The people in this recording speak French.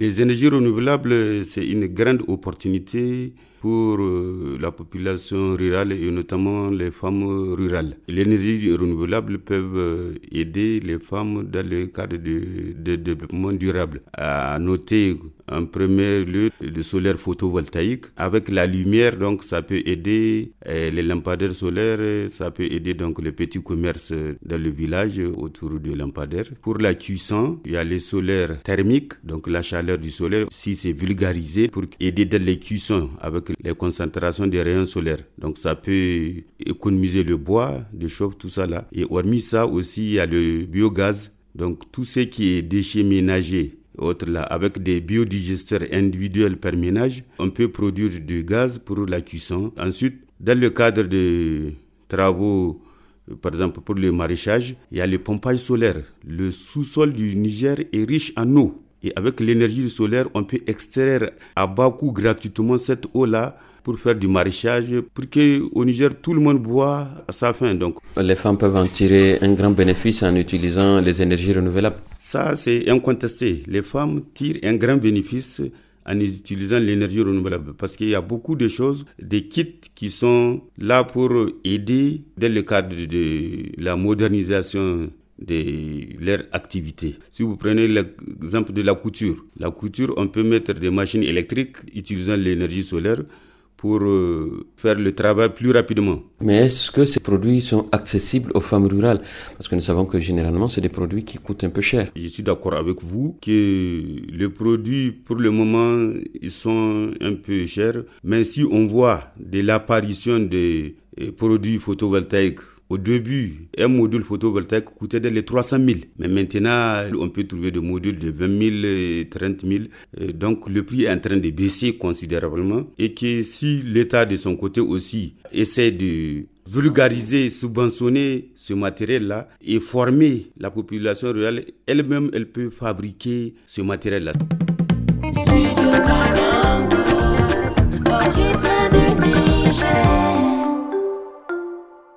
Les énergies renouvelables, c'est une grande opportunité pour euh, la population rurale et notamment les femmes rurales. Les énergies renouvelables peuvent euh, aider les femmes dans le cadre de développement durable. À noter en premier lieu le solaire photovoltaïque. Avec la lumière, donc, ça peut aider euh, les lampadaires solaires, ça peut aider donc les petits commerces dans le village autour du lampadaire. Pour la cuisson, il y a les solaires thermiques, donc la chaleur du solaire, si c'est vulgarisé, pour aider dans les cuissons avec les concentrations des rayons solaires. Donc ça peut économiser le bois, le chauffe, tout ça là. Et hormis ça aussi, il y a le biogaz. Donc tout ce qui est déchets ménagers, autres là, avec des biodigesteurs individuels par ménage, on peut produire du gaz pour la cuisson. Ensuite, dans le cadre de travaux par exemple pour le maraîchage, il y a le pompage solaire. Le sous-sol du Niger est riche en eau. Et avec l'énergie solaire, on peut extraire à bas coût gratuitement cette eau-là pour faire du maraîchage, pour que au Niger tout le monde boit à sa faim. Donc, les femmes peuvent en tirer un grand bénéfice en utilisant les énergies renouvelables. Ça, c'est incontesté. Les femmes tirent un grand bénéfice en utilisant l'énergie renouvelable parce qu'il y a beaucoup de choses, des kits qui sont là pour aider dans le cadre de la modernisation de leur activité. Si vous prenez l'exemple de la couture, la couture, on peut mettre des machines électriques utilisant l'énergie solaire pour euh, faire le travail plus rapidement. Mais est-ce que ces produits sont accessibles aux femmes rurales Parce que nous savons que généralement, c'est des produits qui coûtent un peu cher. Je suis d'accord avec vous que les produits, pour le moment, ils sont un peu chers. Mais si on voit de l'apparition des euh, produits photovoltaïques au début, un module photovoltaïque coûtait les 300 000. Mais maintenant, on peut trouver des modules de 20 000 et 30 000. donc, le prix est en train de baisser considérablement. Et que si l'État de son côté aussi essaie de vulgariser, subventionner ce matériel-là et former la population rurale, elle-même, elle peut fabriquer ce matériel-là.